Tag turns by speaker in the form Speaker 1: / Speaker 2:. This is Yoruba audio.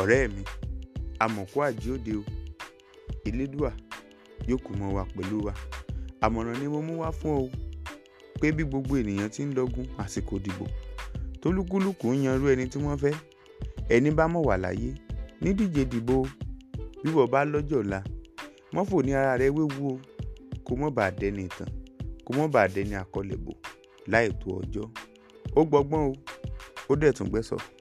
Speaker 1: ọ̀rẹ́ mi amọ̀kò àjíòde o elédùà yóò kù mọ́ wa pẹ̀lú wa àmọ̀ràn ni mo mú wá fún ọ pé bí gbogbo ènìyàn ti ń lọ́gùn àsìkò dìbò tólúkúlùkù ń yanrú ẹni tí wọ́n fẹ́ ẹni bá mọ̀ wà láyé nídíje dìbò wíwọ̀ bá lọ́jọ́ ọ̀la mọ́fò ní ara rẹ wéwu o kó mọ́ bàa dẹni ìtàn kó mọ́ bàa dẹni àkọlẹ̀bò láì tó ọjọ́ ó gbọ́gbọ́n o ó dẹ̀ tún gbẹ́sọ̀.